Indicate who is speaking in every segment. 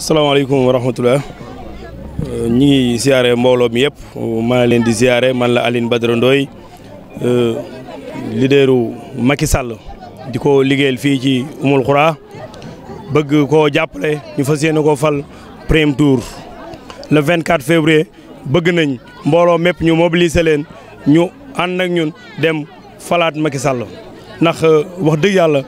Speaker 1: salaamaaleykum wa rahmatulah euh, ñi ngi ziare mbooloo mi yëpp maa leen di ziare man la Aline Badara Ndoye euh, leaderu Macky di ko liggéeyal fii ci Oumoul Khoura bëgg koo jàppale ñu fas yéene koo fal premier tour le 24 février bëgg nañ mbooloo mépp ñu mobiliser leen ñu ànd ak ñun dem falaat Macky Sall euh, wax dëgg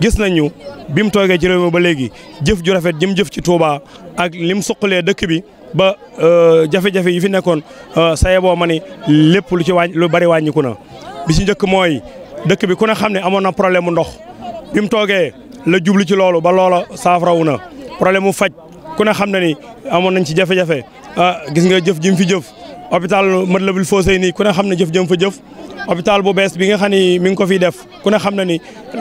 Speaker 1: gis ñu bi mu toogee ci réew mi ba léegi jëf ju rafet jëm jëf ci Touba ak li mu suqalee dëkk bi ba euh, jafe-jafe yi fi nekkoon euh, saye boo ma ni lépp lu ci wàññ lu bari wàññiku na. bi ci njëkk mooy dëkk bi ku ne xam ne amoon na problème mu ndox bi mu toogee la jublu ci loolu ba loola saafarawu na problème mu faj ku ne xam ne ni amoon nañ ci jafe-jafe ah, gis nga jëf ji fi jëf. hôpital Matlaboul Fawzeyni ku ne xam ne jëf jam fa jëf hôpital bu bees bi nga xam ni mi ngi ko fiy def ku ne xam na ni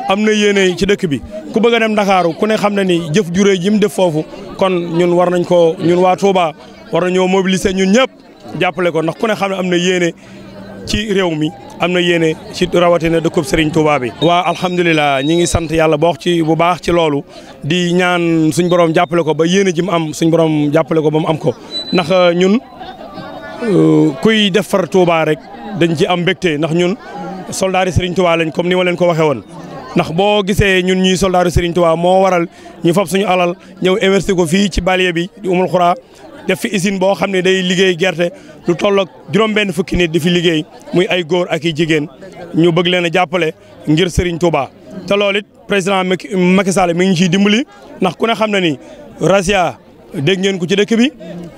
Speaker 1: am na yéene ci dëkk bi ku bëgg a dem Ndakaaru ku ne xam na ni jëf jure ji def foofu kon ñun war nañ ko ñun waa Touba war nañoo mobiliser ñun ñëpp jàppale ko ndax ku xam am na yéene ci réew mi am na yéene ci rawatina dëkkub Serigne Touba bi. waa alhamdulilah ñi ngi sant yàlla boo ci bu baax ci loolu di ñaan suñ borom jàppale ko ba yéene ji mu am suñ borom jàppale ko ba mu am ko Euh, kuy def defar Touba rek dañ ci am mbégte ndax ñun soldaari Serigne Touba lañ comme ni ma leen ko waxee woon. ndax boo gisee ñun ñuy soldaaru Serigne Touba moo waral ñu fab suñu alal ñëw investir ko fii ci banlieue bi di Oumoul Khoura def fi usine boo xam ne day liggéey gerte lu tollook ak juróom-benn fukki nit di fi liggéey muy ay góor ak i jigéen ñu bëgg leen a jàppale ngir Serigne Touba. te loolu it président Macky Sall mi ngi ciy dimbali ndax ku ne xam na ni rasia dégg ngeen ko ci dëkk bi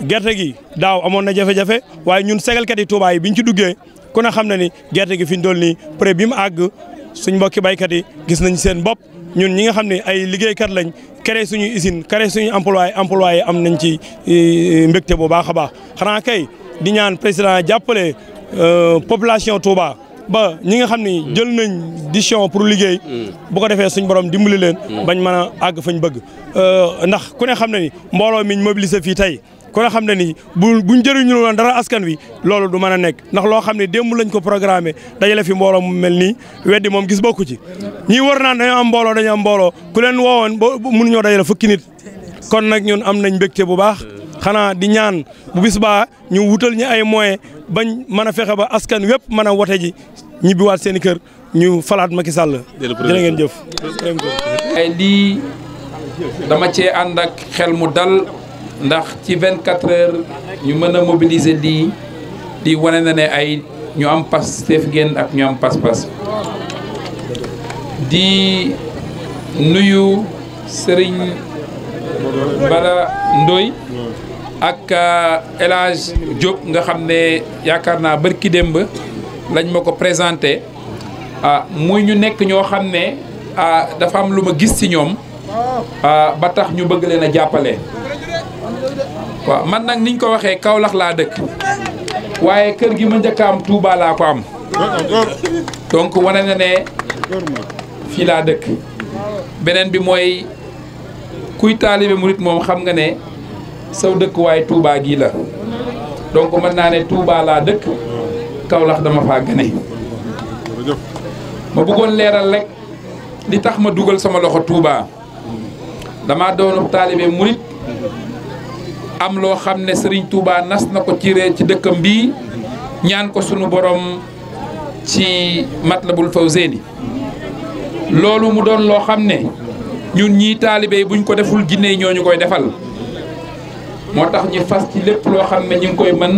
Speaker 1: gerte gi daaw amoon na jafe-jafe waaye ñun segalkat yi Touba yi biñ ci duggee ku ne xam na ni gerte gi fi ñu dool nii pré bi mu àgg suñ mbokki baykat yi gis nañ seen bopp ñun ñi nga xam ne ay liggéeykat lañ kere suñu usine créé suñu employé employé am nañ ci e, mbégte bu baax a baax xanaa kay di ñaan président jàppale euh, population Touba. ba ñi nga xam ni jël nañ décision pour liggéey mm. bu ko defee suñ borom dimbali leen mm. bañ mën a àgg fañ bëgg euh, ndax ku ne xam ne ni mbooloo miñ mobilisé fii tey ku xam ne ni bu buñ jëriñu woon dara askan wi loolu du mën a nekk ndax loo xam ne démb lañ ko programmé dajale fi mbooloo mu mel ni weddi moom gis bokku ci ñi war naan dañoo am mbooloo dañoo am mbooloo ku leen woowoon ba mënuñoo dajale fukki nit kon nag ñun am nañ mbégte bu baax xanaa di ñaan bu bis baa ñu wutal ñu ay moyens bañ mën a fexe ba askan wépp mën a wote ji ñibbiwaat seeni kër ñu falaat Macky Sall.
Speaker 2: jërë ngeen jëf.
Speaker 1: ay lii dama cee ànd
Speaker 2: ak xel mu dal ndax ci 24 heures ñu mën a mobiliser lii di wane na ne ay ñu am pas teef génn ak ñu am pas-pas di nuyu Serigne Bara Ndoy ak euh, El Hadj nga xam ne yaakaar naa bërki démb lañ ma ko présenté ah muy ñu nekk ñoo xam ne ah dafa am lu ma gis ci ñoom ah, ba tax ñu bëgg leen a jàppale. waaw man nag niñ ko waxee kaw lax laa dëkk waaye kër gi ma njëkk am Touba laa ko am donc wane na ne fii laa dëkk beneen bi mooy kuy taalibe murit moom xam nga ne saw dëkk waaye Touba gii la donc mën naa ne Touba laa dëkk. Kaolack dama faa gane ma bëggoon leeral rek li tax ma dugal sama loxo Touba dama doonu taalibe murit am loo xam ne sëriñ tuubaa nas na ko ci ree ci dëkkam bii ñaan ko sunu borom ci Matlabul Fawzeyni loolu mu doon loo xam ne ñun ñii taalibe yi buñ ko deful jinne ñoo ñu koy defal moo tax ñu fas ci lépp loo xam ne ñu ngi koy mën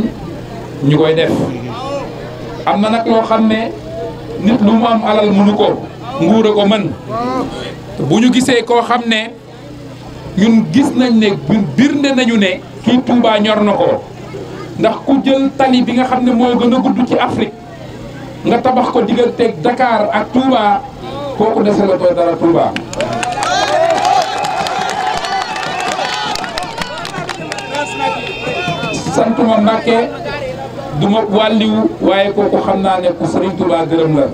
Speaker 2: ñu koy def am na nag loo xam ne nit lu mu am alal mënu ko nguur a ko mën bu ñu gisee koo xam ne ñun gis nañ ne birnde nañu ne kii Touba ñor na ko ndax ku jël tali bi nga xam ne mooy gën a gudd ci Afrique nga tabax ko digganteeg dakaar ak Touba kooku dese la too dara Touba. santuma du ma wàlliwu waaye kooku xam naa ne sëriñ Serigne gërëm la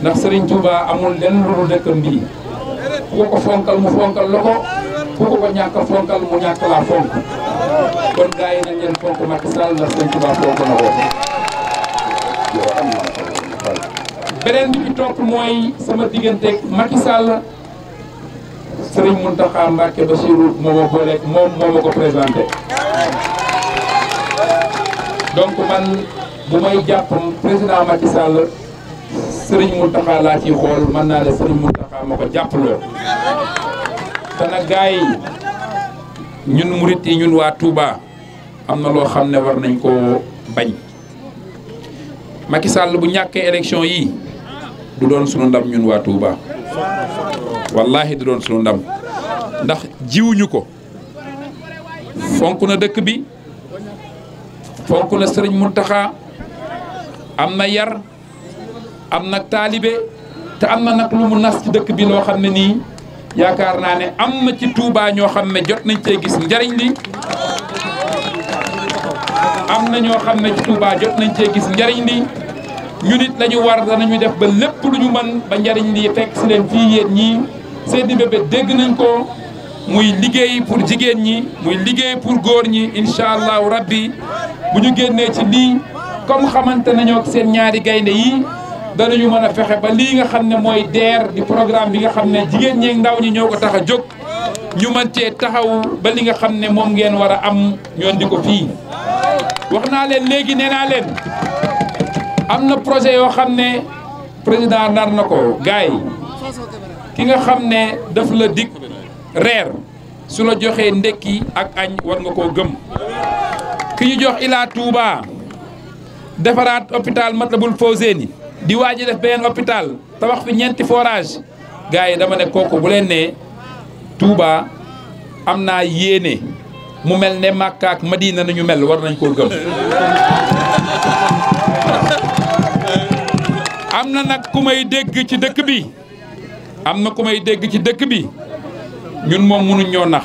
Speaker 2: ndax sëriñ Touba amul lenn lu dul dëkkam bii ku ko fonkal mu fonkal la ko ku ko ñàkk fonkal mu ñàkk laa fonk kon gars yi nañ leen fonk Macky ndax Serigne Touba fonk na ko. beneen bi ci topp mooy sama digganteeg Macky Sall Serigne Mountakha Mbacké moom moo ko présenté. donc man bu may jàpp président Macky Sall Serigne Mountakha laa ciy xool mën naa ne Serigne Mountakha ma ko jàppaloo te nag gars ñun murit yi ñun waa Touba am na loo xam ne war nañ koo bañ Macky Sall bu ñàkkee élection yi du doon sunu ndam ñun waa Touba wallahi du doon sunu ndam ndax jiwuñu ko fonk na dëkk bi. fonk na sëriñ Muntaxa am na yar am na taalibe te am na nag lu mu nas ci dëkk bi loo xam ne nii yaakaar naa ne am na ci Touba ñoo xam ne jot nañ cee gis njariñ li am na ñoo xam ne ci Touba jot nañ cee gis njariñ li ñu nit lañu war danañu def ba lépp lu ñu mën ba njariñ li fekk si leen fii yéen ñii seeni bébé dégg nañ ko muy liggéey pour jigéen ñi muy liggéey pour góor ñi incha allahu rabbi bu ñu génnee ci lii comme xamante nañoo ak seen ñaari gaynde yi danañu mën a fexe ba lii nga xam ne mooy DER di programme bi nga xam ne jigéen ñeeg ndaw ñi ñoo ko tax a jóg ñu mën taxaw ba li nga xam ne moom ngeen war a am ñoon di ko fii wax naa leen léegi nee naa leen am na projet yoo xam ne président nar na ko gars yi ki nga xam ne daf la dig reer su la joxee ndekki ak añ war nga koo gëm ki ñu jox Ila Touba defaraat hôpital Matlaboul Fawzeyni di waaj def beneen hôpital tabax fi ñeenti forage gars yi dama ne kooku bu leen ne Touba am naa yéene mu mel ne Makka ma Madina nañu mel war nañ koo gëm am na nag ku may dégg ci dëkk bi am na ku may dégg ci dëkk bi ñun moom mënuñ nax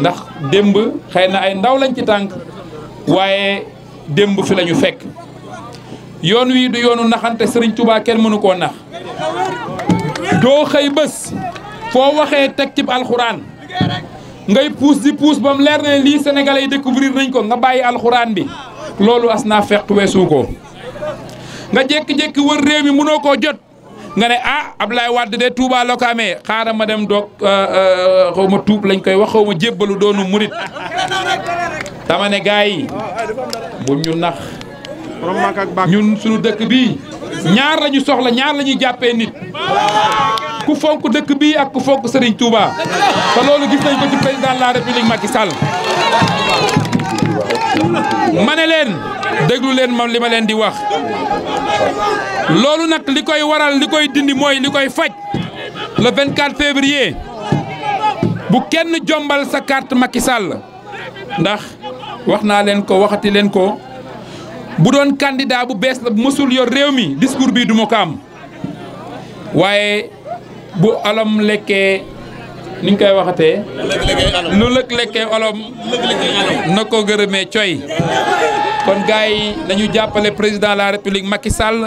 Speaker 2: ndax démb xëy na ay ndaw lañ ci tànk waaye démb fi la fekk yoon wii du yoonu naxante sëriñ Touba kenn mënu koo nax doo xëy bés foo waxee teg cib alxuraan ngay puus di puus ba mu leer ne lii sénégalais yi découvrir nañ ko nga bàyyi alxuraan bi loolu as naa fekk weesu ko nga jékki-jékki wër réew mi mënoo jot. nga ne ah Abdoulaye Wade de Touba la xaaral ma dem doog euh, euh, xaw ma tuub lañ koy wax xaw ma jébbalu doonu murit dama ne gars yi bu ñu nax ñun suñu dëkk bii ñaar lañu soxla ñaar lañuy jàppee nit ku fonk dëkk bii ak ku fonk sëriñ Touba te loolu gis nañ ko ci président de la république Macky Sall ma ne leen déglu leen ma li ma leen di wax loolu nag li koy waral li koy dindi mooy li koy faj le 24 février bu kenn jombal sa carte Macky Sall ndax wax naa leen ko waxati leen ko bu doon candidat bu bees la mësul yor réew mi discours bii du ma ko am waaye bu alam lekkee
Speaker 1: niñ ñu koy waxatee
Speaker 2: lu lëkk lekkee olom na ko gërëmee coy kon gars yi nañu jàppale président la république Macky Sall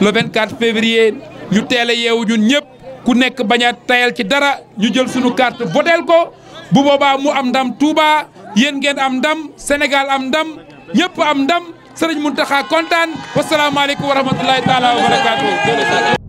Speaker 2: le 24 février ñu teel a yeewu ñun ñëpp ku nekk bañ a tayal ci dara ñu jël suñu carte voteel ko bu boobaa mu am ndam Touba yéen ngeen am ndam Sénégal am ndam ñëpp am ndam sërëñ Serigne Mountakha kontaan wasalaamaaleykum wa rahmatulahi taala wa barakaatu